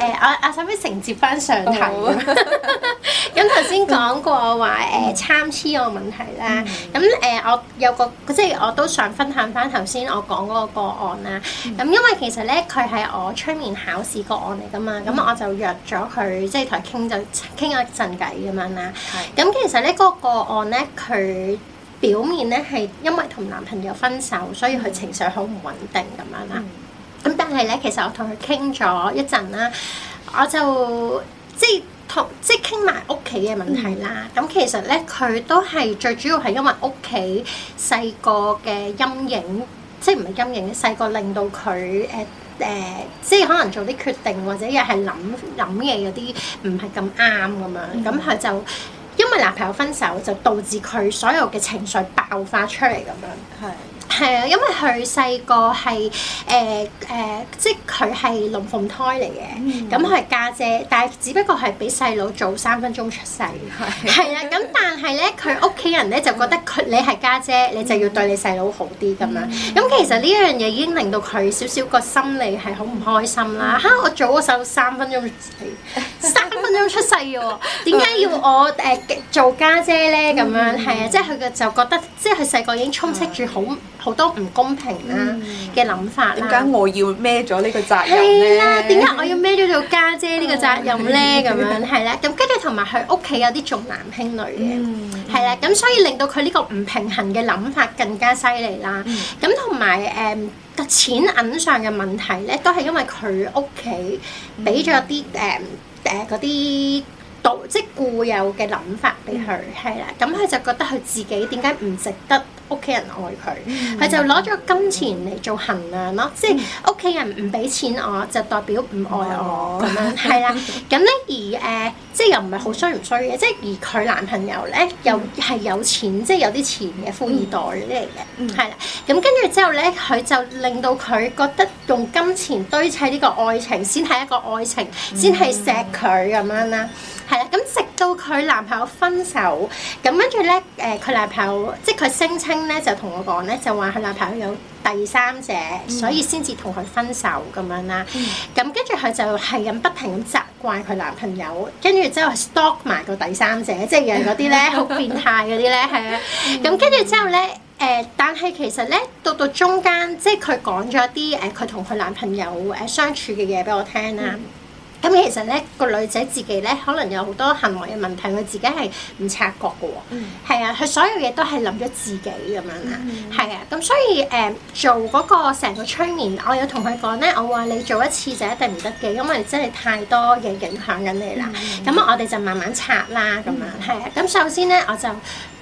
誒、呃，我我稍微承接翻上頭，咁頭先講過話誒，參差個問題啦。咁、呃、誒，我有個即係我都想分享翻頭先我講嗰個個案啦。咁、嗯、因為其實咧，佢係我催眠考試個案嚟噶嘛。咁、嗯、我就約咗佢，即係同佢傾咗傾咗一陣偈咁樣啦。咁是其實咧嗰、那個個案咧，佢表面咧係因為同男朋友分手，所以佢情緒好唔穩定咁樣啦。嗯嗯。咁但係咧，其實我同佢傾咗一陣啦，我就即係同即係傾埋屋企嘅問題啦。咁、嗯、其實咧，佢都係最主要係因為屋企細個嘅陰影，嗯、即係唔係陰影，細個令到佢誒誒，即係可能做啲決定或者又係諗諗嘢有啲唔係咁啱咁樣。咁佢、嗯、就因為男朋友分手，就導致佢所有嘅情緒爆發出嚟咁樣，係、嗯。係啊，因為佢細個係誒誒，即係佢係龍鳳胎嚟嘅，咁佢係家姐，但係只不過係比細佬早三分鐘出世，係啊，咁但係咧，佢屋企人咧就覺得佢，你係家姐，你就要對你細佬好啲咁樣。咁其實呢樣嘢已經令到佢少少個心理係好唔開心啦。嚇，我早嗰手三分鐘、三分鐘出世嘅喎，點解要我誒做家姐咧？咁樣係啊，即係佢就覺得，即係佢細個已經充斥住好好多唔公平啦嘅諗法啦，點解、嗯、我要孭咗呢個責任咧？點解我要孭咗做家姐呢個責任咧？咁、嗯、 樣係咧，咁跟住同埋佢屋企有啲重男輕女嘅，係、嗯嗯、啦，咁所以令到佢呢個唔平衡嘅諗法更加犀利、嗯嗯、啦。咁同埋誒個錢銀上嘅問題咧，都係因為佢屋企俾咗啲誒誒啲即係固有嘅諗法俾佢，係啦，咁佢就覺得佢自己點解唔值得？屋企人愛佢，佢、嗯、就攞咗金錢嚟做衡量咯，即係屋企人唔俾錢我就代表唔愛我咁樣，係啦。 咁咧而誒，即、呃、係、就係、又唔係好衰唔衰嘅，即、就、係、係、而佢男朋友咧、嗯、又係有錢，即、就、係、係、有啲錢嘅富二代嚟嘅，嗯，係啦。咁跟住之後咧，佢就令到佢覺得用金錢堆砌呢個愛情先係一個愛情，先係錫佢咁樣啦，係啦，咁。到佢男朋友分手，咁跟住咧，誒佢男朋友即係佢聲稱咧，就同我講咧，就話佢男朋友有第三者，嗯、所以先至同佢分手咁樣啦。咁跟住佢就係咁不停咁責怪佢男朋友，跟住之後 stalk 埋個第三者，即係嗰啲咧好變態嗰啲咧，係啊。咁跟住之後咧，誒、呃，但係其實咧，到到中間，即係佢講咗啲誒，佢同佢男朋友誒相處嘅嘢俾我聽啦。嗯咁其實咧，個女仔自己咧，可能有好多行為嘅問題，佢自己係唔察覺嘅喎、哦。係啊、嗯，佢所有嘢都係諗咗自己咁樣啦。係啊、嗯，咁所以誒、呃，做嗰個成個催眠，我有同佢講咧，我話你做一次就一定唔得嘅，因為真係太多嘅影響緊你啦。咁、嗯、我哋就慢慢拆啦，咁樣係。咁首先咧，我就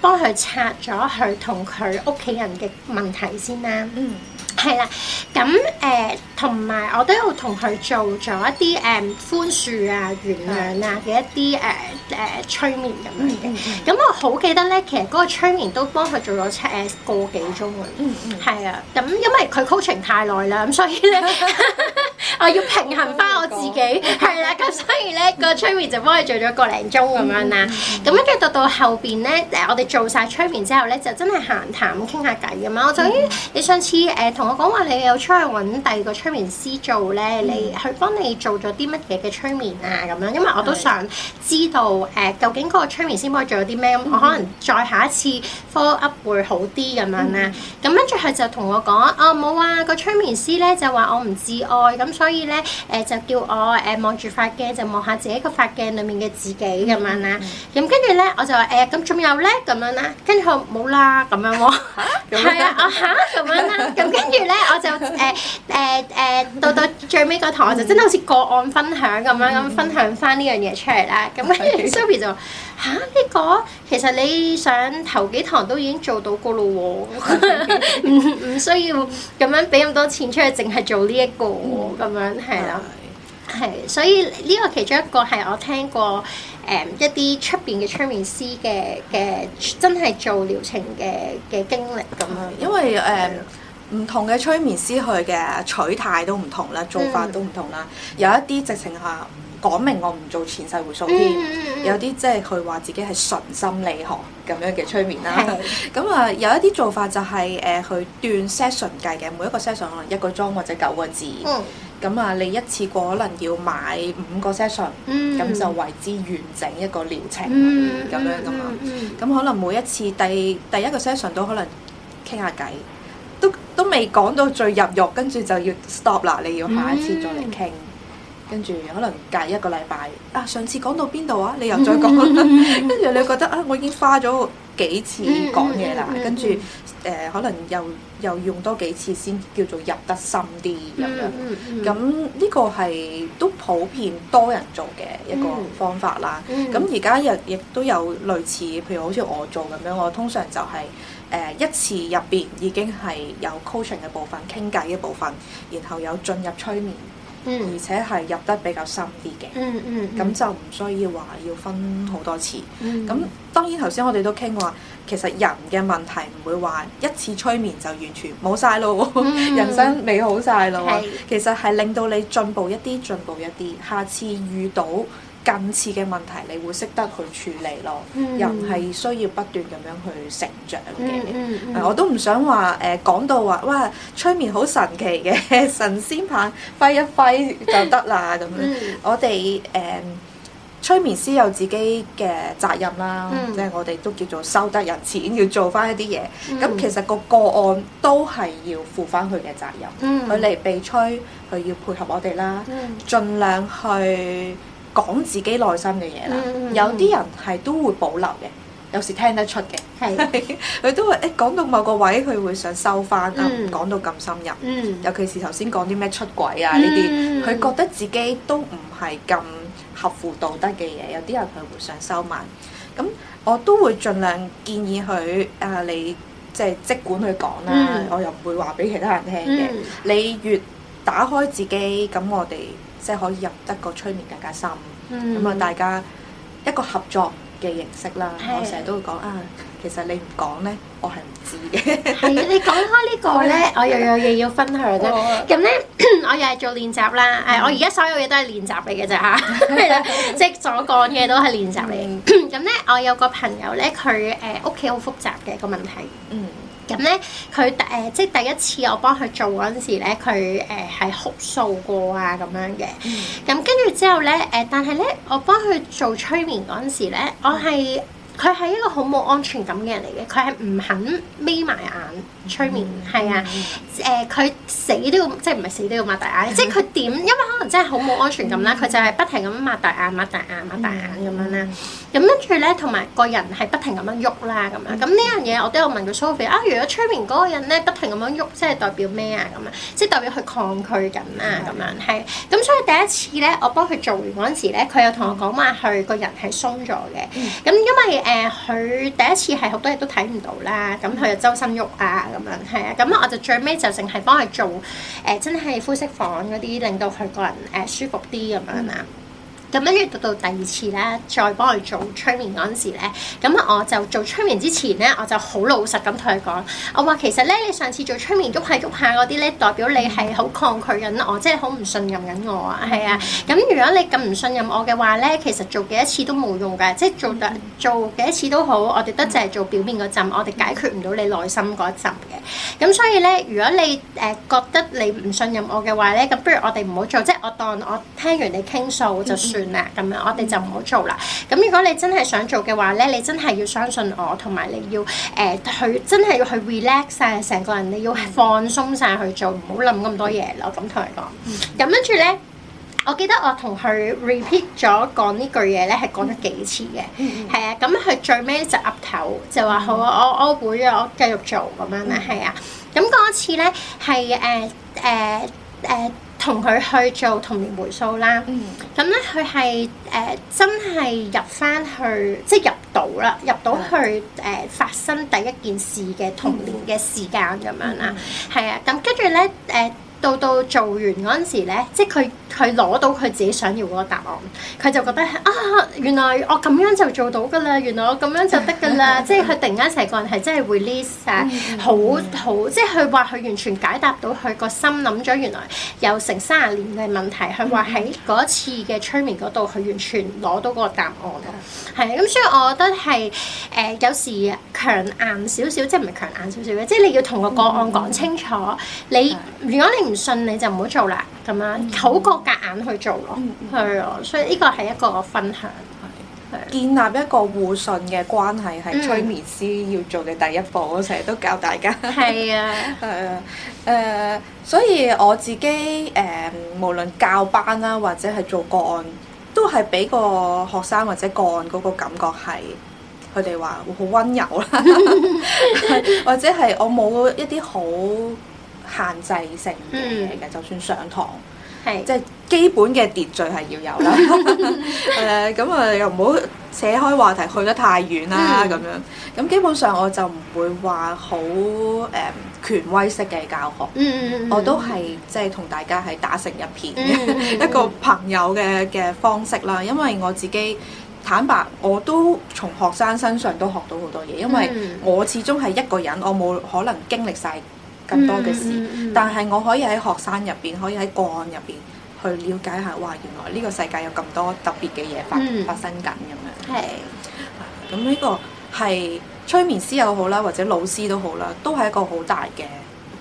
幫佢拆咗佢同佢屋企人嘅問題先啦。嗯。係啦，咁誒同埋我都有同佢做咗一啲誒、嗯、寬恕啊、原諒啊嘅一啲誒誒催眠咁樣嘅，咁、嗯嗯、我好記得咧，其實嗰個催眠都幫佢做咗七個幾鐘啊，係啊、嗯，咁、嗯、因為佢 coaching 太耐啦，所以咧。 我要平衡翻我自己，係啦，咁所以咧個催眠就幫你做咗個零鐘咁樣啦。咁跟住到到後邊咧，誒我哋做晒催眠之後咧，就真係閒談傾下偈咁樣。我就於你上次誒同我講話，你有出去揾第二個催眠師做咧，你去幫你做咗啲乜嘢嘅催眠啊？咁樣，因為我都想知道誒究竟個催眠師幫你做咗啲咩，咁我可能再下一次 follow up 會好啲咁樣啦。咁跟住佢就同我講，哦，冇啊，個催眠師咧就話我唔自愛咁。所以咧，誒、呃、就叫我誒望住塊鏡，就望下自己個塊鏡裡面嘅自己咁樣啦。咁跟住咧，我就話誒咁仲有咧咁樣啦。跟住佢冇啦咁樣喎。啊，啊嚇咁樣啦、啊。咁跟住咧，我就誒誒誒到到最尾個堂，我就真係好似個案分享咁樣咁分享翻呢樣嘢出嚟啦。咁跟住 Sophie 就。后 Okay. 嚇呢、啊呢個其實你想頭幾堂都已經做到過咯喎，唔唔 需要咁樣俾咁多錢出去，淨係做呢一個咁、哦、樣係啦，係 所以呢個其中一個係我聽過誒、嗯、一啲出邊嘅催眠師嘅嘅真係做療程嘅嘅經歷咁樣，因為誒唔同嘅催眠師佢嘅取態都唔同啦，做法都唔同啦，嗯、有一啲直情下。講明我唔做前世回溯添，mm hmm. 有啲即係佢話自己係純心理學咁樣嘅催眠啦。咁啊 有一啲做法就係、是、誒、呃、去斷 session 計嘅，每一個 session 可能一個鐘或者九個字。咁啊、oh. 你一次過可能要買五個 session，咁、mm hmm. 就為之完整一個療程咁、mm hmm. 樣噶嘛。咁、mm hmm. 可能每一次第第一個 session 都可能傾下偈，都都未講到最入肉，跟住就要 stop 啦。你要下一次再嚟傾。Mm hmm. mm 跟住可能隔一個禮拜啊，上次講到邊度啊？你又再講，跟 住你覺得啊，我已經花咗幾次講嘢啦。跟住誒，可能又又用多幾次先叫做入得深啲咁樣。咁呢、嗯嗯這個係都普遍多人做嘅一個方法啦。咁而家又亦都有類似，譬如好似我做咁樣，我通常就係、是、誒、呃、一次入邊已經係有 coaching 嘅部分、傾偈嘅部分，然後有進入催眠。而且係入得比較深啲嘅，咁、嗯嗯嗯、就唔需要話要分好多次。咁、嗯嗯、當然頭先我哋都傾話，其實人嘅問題唔會話一次催眠就完全冇晒咯，嗯、 人生美好晒咯。嗯嗯、其實係令到你進步一啲，進步一啲。下次遇到近似嘅問題，你會識得去處理咯，又唔係需要不斷咁樣去成長嘅。我都唔想話誒，講到話哇催眠好神奇，嘅神仙棒揮一揮就得啦咁樣。我哋誒，催眠師有自己嘅責任啦，即係我哋都叫做收得人錢，要做翻一啲嘢。咁其實個個案都係要負翻佢嘅責任，佢嚟被催，佢要配合我哋啦，盡量去。講自己內心嘅嘢啦，有啲人係都會保留嘅，有時聽得出嘅。係佢都話，誒講到某個位，佢會想收翻啊，唔講到咁深入。尤其是頭先講啲咩出軌啊呢啲，佢覺得自己都唔係咁合乎道德嘅嘢。有啲人佢會想收埋。咁我都會盡量建議佢啊，你即係即管去講啦，我又唔會話俾其他人聽嘅。你越打開自己，咁我哋。即係可以入得個催眠更加深，咁啊、嗯、大家一個合作嘅形式啦。的我成日都會講啊，其實你唔講咧，我係唔知嘅。係你講開呢個咧，我又有嘢要分享啦。咁咧，我又係做練習啦。誒、嗯，我而家所有嘢都係練習嚟嘅咋。嚇，係啦，即係所講嘢都係練習嚟。咁咧、嗯，我有個朋友咧，佢誒屋企好複雜嘅一個問題。嗯。咁咧，佢誒、呃、即係第一次我幫佢做嗰陣時咧，佢誒係哭訴過啊咁樣嘅。咁跟住之後咧，誒但係咧，我幫佢做催眠嗰陣時咧，mm. 我係。佢係一個好冇安全感嘅人嚟嘅，佢係唔肯眯埋眼催眠，係、嗯、啊，誒、呃、佢死都要，即係唔係死都要擘大眼， 即係佢點？因為可能真係好冇安全感啦，佢、嗯、就係不停咁擘大眼、擘、嗯、大眼、擘大眼咁樣啦。咁跟住咧，同埋個人係不停咁樣喐啦，咁樣。咁呢樣嘢我都有問過 Sophie 啊，如果催眠嗰個人咧不停咁樣喐，即係代表咩啊？咁啊，即係代表佢抗拒緊啊？咁、嗯、樣係。咁所以第一次咧，我幫佢做完嗰陣時咧，佢又同我講話，佢個人係鬆咗嘅。咁、嗯、因為。因為誒佢、呃、第一次係好多嘢都睇唔到啦，咁佢就周身喐啊，咁樣係啊，咁我就最尾就淨係幫佢做誒、呃，真係膚色房嗰啲，令到佢個人誒、呃、舒服啲咁樣啦。嗯咁跟住到到第二次咧，再幫佢做催眠嗰陣時咧，咁我就做催眠之前咧，我就好老實咁同佢講，我話其實咧，你上次做催眠喐下喐下嗰啲咧，代表你係好抗拒緊我，即係好唔信任緊我、嗯、啊，係啊。咁如果你咁唔信任我嘅話咧，其實做幾多次都冇用㗎，即係做第、嗯、做幾多次都好，我哋得淨係做表面嗰陣，嗯、我哋解決唔到你內心嗰陣嘅。咁、嗯、所以咧，如果你誒、呃、覺得你唔信任我嘅話咧，咁不如我哋唔好做，即係我當我聽完你傾訴就算。咁樣，我哋就唔好做啦。咁如果你真係想做嘅話咧，你真係要相信我，同埋你要誒去、呃、真係要去 relax 晒成個人，你要放鬆晒去做，唔好諗咁多嘢咯。咁同你講，咁跟住咧、嗯，我記得我同佢 repeat 咗講呢句嘢咧，係講咗幾次嘅。係啊、嗯，咁佢最尾就岌頭就話好啊，嗯、我我會，我繼續做咁樣咧，係啊，咁嗰次咧係誒誒誒。同佢去做童年回溯啦，咁咧佢係誒真係入翻去，即係入到啦，入到去誒、呃、發生第一件事嘅童年嘅時間咁樣啦，係啊、嗯，咁跟住咧誒。嗯到到做完嗰陣時咧，即係佢佢攞到佢自己想要嗰個答案，佢就覺得啊，原來我咁樣就做到噶啦，原來我咁樣就得噶啦，即係佢突然間成個人係真係 release 啊，好好，即係佢話佢完全解答到佢個心諗咗，原來有成三十年嘅問題，佢話喺嗰次嘅催眠嗰度，佢完全攞到嗰個答案啦。係， 咁所以我覺得係誒、呃、有時。強硬少少，即係唔係強硬少少嘅，即係你要同個個案講清楚。嗯嗯、你的如果你唔信，你就唔好做啦。咁樣，好過夾硬去做咯。係啊、嗯，所以呢個係一個分享，係建立一個互信嘅關係，係催眠師要做嘅第一步。嗯、我成日都教大家。係啊的，誒、 嗯，所以我自己誒、嗯，無論教班啦，或者係做個案，都係俾個學生或者個案嗰個感覺係。佢哋話會好溫柔啦， 或者係我冇一啲好限制性嘅嘢嘅，嗯、就算上堂，係是即係基本嘅秩序係要有啦。誒咁啊，又唔好扯開話題去得太遠啦咁、嗯、樣。咁基本上我就唔會話好誒權威式嘅教學，嗯嗯嗯、我都係即係同大家係打成一片、嗯嗯、一個朋友嘅嘅方式啦，因為我自己。坦白，我都從學生身上都學到好多嘢，因為我始終係一個人，我冇可能經歷晒咁多嘅事，嗯、但係我可以喺學生入邊，可以喺個案入邊去了解下，哇！原來呢個世界有咁多特別嘅嘢發、嗯、發生緊咁樣。係是，咁呢、嗯、個係催眠師又好啦，或者老師都好啦，都係一個好大嘅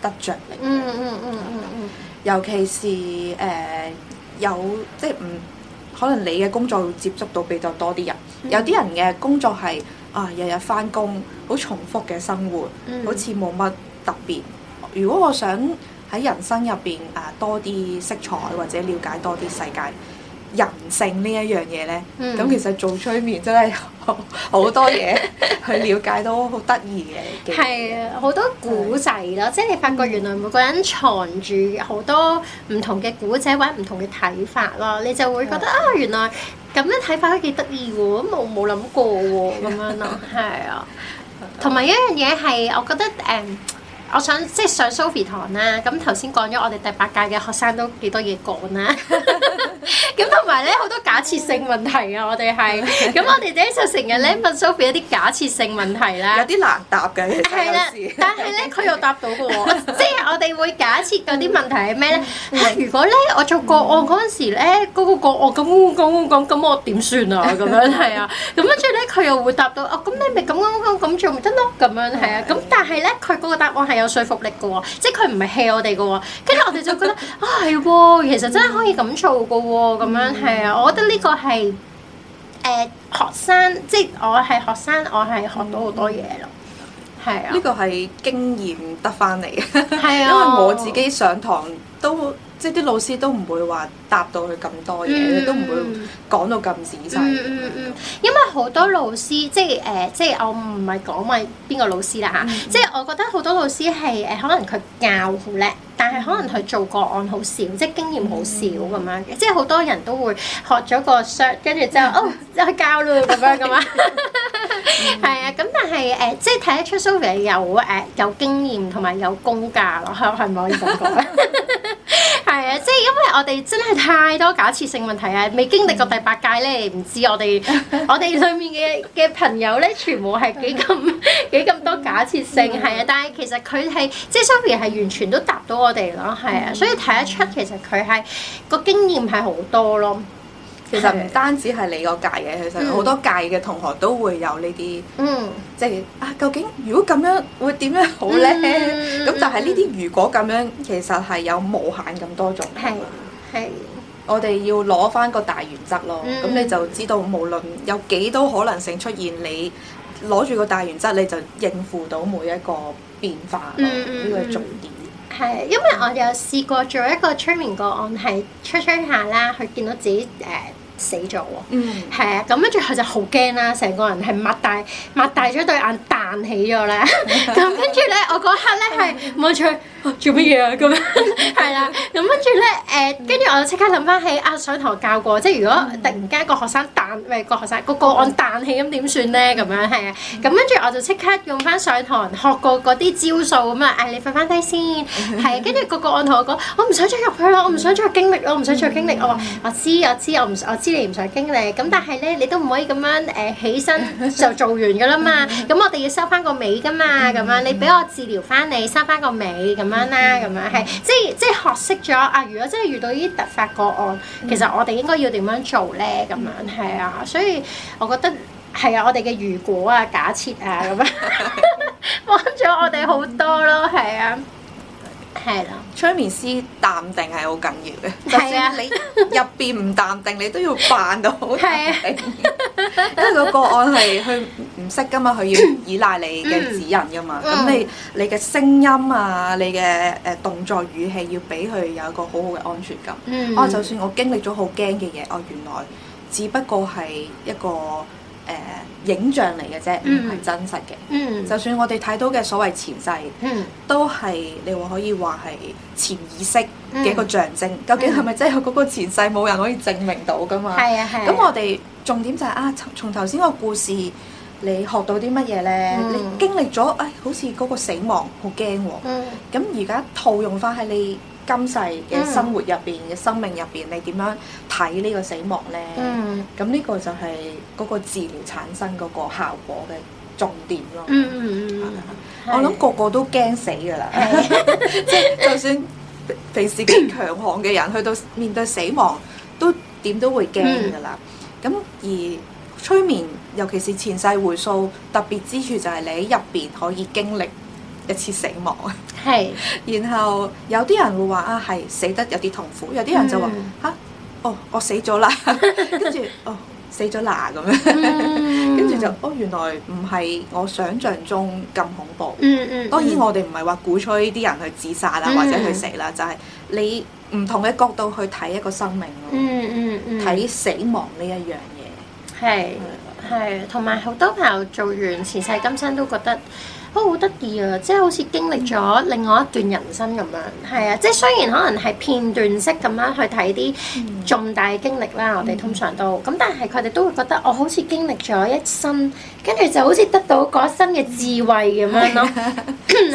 得着嚟嘅、嗯。嗯嗯嗯嗯，尤其是誒、呃、有即係唔。嗯嗯嗯可能你嘅工作會接觸到比較多啲人，嗯、有啲人嘅工作係啊日日返工，好重複嘅生活，嗯、好似冇乜特別。如果我想喺人生入邊啊多啲色彩，或者了解多啲世界。人性呢一樣嘢咧，咁、嗯、其實做催眠真係好多嘢去了解都，都好得意嘅。係啊，好多古仔咯，啊、即係你發覺原來每個人藏住好多唔同嘅古仔或者唔同嘅睇法咯，你就會覺得、嗯、啊，原來咁樣睇法都幾得意喎，都冇冇諗過喎，咁樣咯，係啊。同埋 一樣嘢係，我覺得誒。Um, 我想即係上 Sophie 堂啦，咁頭先講咗我哋第八屆嘅學生都幾多嘢講啦，咁同埋咧好多假設性問題啊， 我哋係，咁我哋咧就成日咧問 Sophie 一啲假設性問題啦， 有啲難答嘅，係啦，但係咧佢又答到嘅喎，我 即係我哋會假設嗰啲問題係咩咧？ 如果咧我做個案嗰陣時咧，嗰、嗰個個案咁講講咁，我點算啊？咁樣係啊，咁啊最咧。佢又會答到、嗯、哦，咁你咪咁咁咁咁做咪得咯，咁樣係、嗯、啊。咁但係咧，佢嗰個答案係有說服力嘅喎，即係佢唔係氣我哋嘅喎。跟住我哋就覺得啊，係喎、嗯哦，其實真係可以咁做嘅喎，咁樣係、嗯、啊。我覺得呢個係誒、呃、學生，即係我係學生，我係學到好多嘢咯。係、嗯、啊，呢個係經驗得翻嚟，係啊，因為我自己上堂都。即係啲老師都唔會話答到佢咁多嘢，亦、嗯、都唔會講到咁仔細。嗯、這樣 因為好多老師，即係誒、呃，即係我唔係講埋邊個老師啦嚇。嗯、即係我覺得好多老師係誒，可能佢教好叻。但係可能佢做個案好少，即係經驗好少咁樣嘅，即係好多人都會學咗個 shout，跟住之後哦，即係教咯咁樣咁啊，係啊，咁但係誒，即係睇得出 Sophie 有誒有經驗同埋有功架咯，係咪？係可以咁講咧？係啊，即係因為我哋真係太多假設性問題啊，未經歷過第八屆咧，你唔知我哋我哋裏面嘅嘅朋友咧，全部係幾咁幾咁多假設性係啊，但係其實佢係即係 Sophie 係完全都答到。我哋咯，係啊、嗯，所以睇得出，嗯、其實佢係個經驗係好多咯。其實唔單止係你個屆嘅，嗯、其實好多屆嘅同學都會有呢啲。嗯，即係、就是、啊，究竟如果咁樣會點樣好咧？咁、嗯、就係呢啲。嗯、如果咁樣，其實係有無限咁多種。係係、嗯，我哋要攞翻個大原則咯。咁、嗯、你就知道，無論有幾多可能性出現，你攞住個大原則，你就應付到每一個變化咯。嗯嗯，呢個重點。係，因為我有試過做一個催眠個案，係催催下啦，佢見到自己誒。Uh 死咗喎，係啊，咁跟住佢就好驚啦，成個人係擘大擘大咗對眼彈起咗咧，咁跟住咧我嗰刻咧係望住佢，做乜嘢啊咁樣？係啦，咁跟住咧誒，跟住我就即刻諗翻起啊，上堂教過，即係如果突然間個學生彈，喂，係個學生個個案彈起咁點算咧？咁樣係啊，咁跟住我就即刻用翻上堂學過嗰啲招數咁啊，誒你瞓翻低先，係啊，跟住個個案同我講，我唔想再入去咯，我唔想再經歷咯，我唔想再經歷，我話我知我知，我唔我，知你唔想經歷，咁但係咧，你都唔可以咁樣誒、呃、起身就做完噶啦嘛。咁 我哋要收翻個尾噶嘛，咁樣 你俾我治療翻你收翻個尾咁 樣啦，咁樣係即即學識咗啊！如果真係遇到呢啲突發個案，其實我哋應該要點樣做咧？咁樣係啊，所以我覺得係啊，我哋嘅如果啊、假設啊咁樣 幫咗我哋好多咯，係啊。係催眠師淡定係好緊要嘅，啊、 就算你入邊唔淡定，你都要扮到好淡定。 因為個個案係佢唔識噶嘛，佢要依賴你嘅指引噶嘛。咁你你嘅聲音啊，你嘅誒動作語氣要俾佢有一個好好嘅安全感。哦、嗯 啊，就算我經歷咗好驚嘅嘢，哦、啊，原來只不過係一個。誒、呃、影像嚟嘅啫，唔係、嗯、真實嘅。嗯、就算我哋睇到嘅所謂前世，嗯、都係你話可以話係潛意識嘅一個象徵。嗯、究竟係咪真係嗰個前世冇人可以證明到噶嘛？係啊係。咁、啊、我哋重點就係、是、啊，從頭先個故事，你學到啲乜嘢咧？你經歷咗誒、哎，好似嗰個死亡好驚喎。咁而家套用返喺你。今世嘅生活入邊嘅生命入邊，你點樣睇呢個死亡咧？咁呢、嗯、個就係嗰個治療產生嗰個效果嘅重點咯。我諗個個都驚死㗎啦！即係是的 就算平時幾強悍嘅人，去到面對死亡都點都會驚㗎啦。咁、嗯、而催眠，尤其是前世回溯，特別之處就係你喺入邊可以經歷。一次死亡啊，係，然後有啲人會話啊，係死得有啲痛苦，有啲人就話嚇，哦，我死咗啦，跟住哦，死咗啦咁樣，跟住就哦，原來唔係我想象中咁恐怖。當然我哋唔係話鼓吹啲人去自殺啦，或者去死啦，就係你唔同嘅角度去睇一個生命咯，睇死亡呢一樣嘢。係係，同埋好多朋友做完前世今生都覺得。都好得意啊！即係好似經歷咗另外一段人生咁樣，係啊！即係雖然可能係片段式咁樣去睇啲重大經歷啦，嗯、我哋通常都咁，但係佢哋都會覺得我好似經歷咗一生，跟住就好似得到嗰一生嘅智慧咁樣咯，啊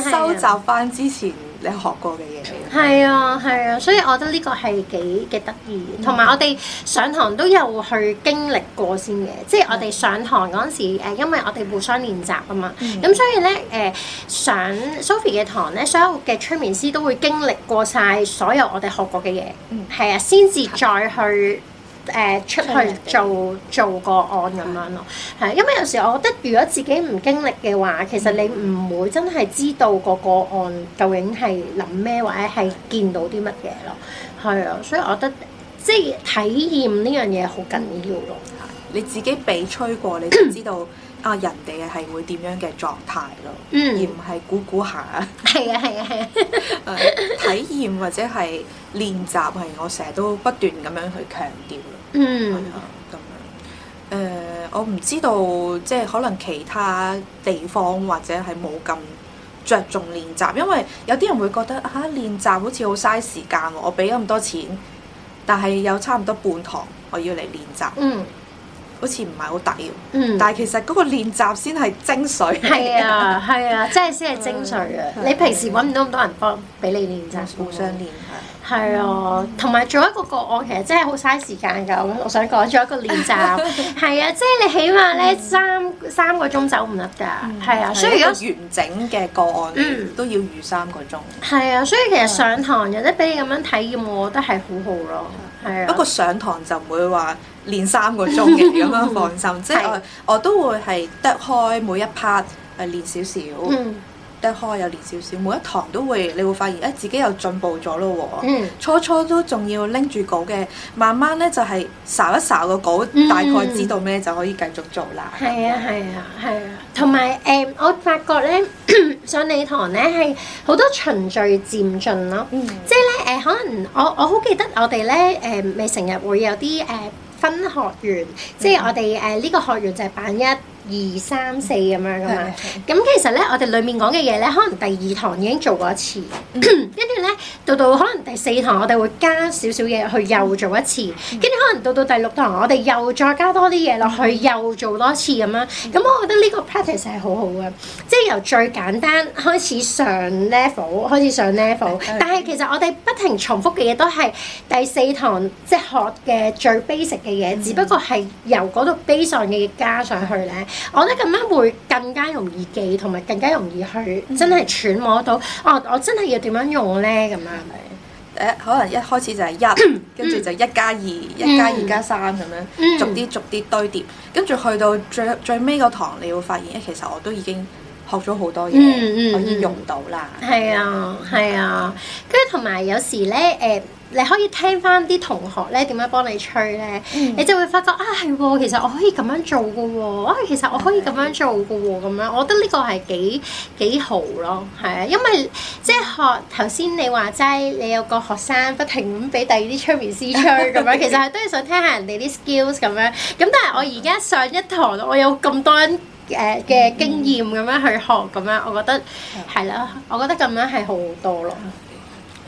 啊、收集翻之前。你學過嘅嘢，係啊，係啊，所以我覺得呢個係幾幾得意，同埋我哋上堂都有去經歷過先嘅。嗯、即係我哋上堂嗰陣時，因為我哋互相練習啊嘛，咁、嗯、所以咧誒、呃、上 Sophie 嘅堂咧，所有嘅催眠師都會經歷過晒所有我哋學過嘅嘢，係、嗯、啊，先至再去。誒、呃、出去做做個案咁樣咯，係的因為有時我覺得如果自己唔經歷嘅話，其實你唔會真係知道個個案究竟係諗咩或者係見到啲乜嘢咯，係啊，所以我覺得即係體驗呢樣嘢好緊要咯，你自己被吹過你就知道。 啊！人哋係會點樣嘅狀態咯，嗯、而唔係估估下。係啊，係啊，係啊、 呃！體驗或者係練習係我成日都不斷咁樣去強調咯。嗯，係啊，咁樣。誒、呃，我唔知道、呃、我唔知道，即係可能其他地方或者係冇咁着重練習，因為有啲人會覺得嚇、啊、練習好似好嘥時間喎，我俾咁多錢，但係有差唔多半堂我要嚟練習。嗯。好似唔係好抵，嗯，但係其實嗰個練習先係精髓，係啊，係啊，即係先係精髓啊！你平時揾唔到咁多人幫俾你練習，互相練。係啊，係啊，同埋做一個個案其實真係好嘥時間㗎，我想講做一個練習係啊，即係你起碼咧三三個鐘走唔甩㗎，係啊，所以如果完整嘅個案都要預三個鐘，係啊，所以其實上堂有得俾你咁樣體驗，我覺得係好好咯，係啊，不過上堂就唔會話。練三個鐘嘅咁樣，放心，即係我都會係得開每一 part 誒練少少，得開又練少少，每一堂都會，你會發現誒自己又進步咗咯喎！初初都仲要拎住稿嘅，慢慢咧就係睄一睄個稿，大概知道咩就可以繼續做啦。係啊係啊係啊！同埋誒，我發覺咧上你堂咧係好多循序漸進咯，即係咧誒，可能我我好記得我哋咧誒未成日會有啲誒。分學員，即係我哋誒呢個學員就係辦一、二三四咁樣噶嘛？咁、 嗯、其實咧，我哋裡面講嘅嘢咧，可能第二堂已經做過一次，跟住咧到到可能第四堂，我哋會加少少嘢去又做一次，跟住 可能到到第六堂，我哋又再加多啲嘢落去，又做多次咁樣！咁、嗯、 我覺得呢個 practice 係好好嘅，即係由最簡單開始上 level，開始上 level。 但係其實我哋不停重複嘅嘢都係第四堂即係學嘅最 basic 嘅嘢， 只不過係由嗰度 basic 嘅嘢加上去咧。我咧咁樣會更加容易記，同埋更加容易去真係揣摩到、嗯、哦！我真係要點樣用咧？咁樣，係咪？誒，可能一開始就係一、嗯，跟住就一加二，一加二加三咁樣，3, 嗯、逐啲逐啲堆疊，跟住去到最最尾個堂，你會發現，誒，其實我都已經學咗好多嘢，可以、嗯嗯嗯、用到啦。係、嗯、啊，係啊，跟住同埋有時咧，誒、呃。你可以聽翻啲同學咧點樣幫你吹咧，嗯、你就會發覺啊，係其實我可以咁樣做嘅喎、哦，啊，其實我可以咁樣做嘅喎、哦，咁樣我覺得呢個係幾幾好咯，係啊，因為即係學頭先你話齋，你有個學生不停咁俾第二啲催眠師吹咁 樣，其實係都係想聽下人哋啲 skills 咁樣，咁但係我而家上一堂，我有咁多誒嘅、呃、經驗咁樣去學，咁樣我覺得係啦、嗯，我覺得咁樣係好好多咯。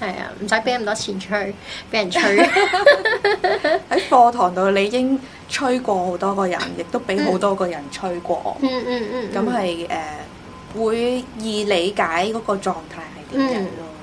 係啊，唔使俾咁多錢吹，俾人吹。喺課 堂度，你已經吹過好多個人，亦都俾好多個人吹過，嗯嗯嗯。咁係誒會易理解個狀態係點樣咯？嗯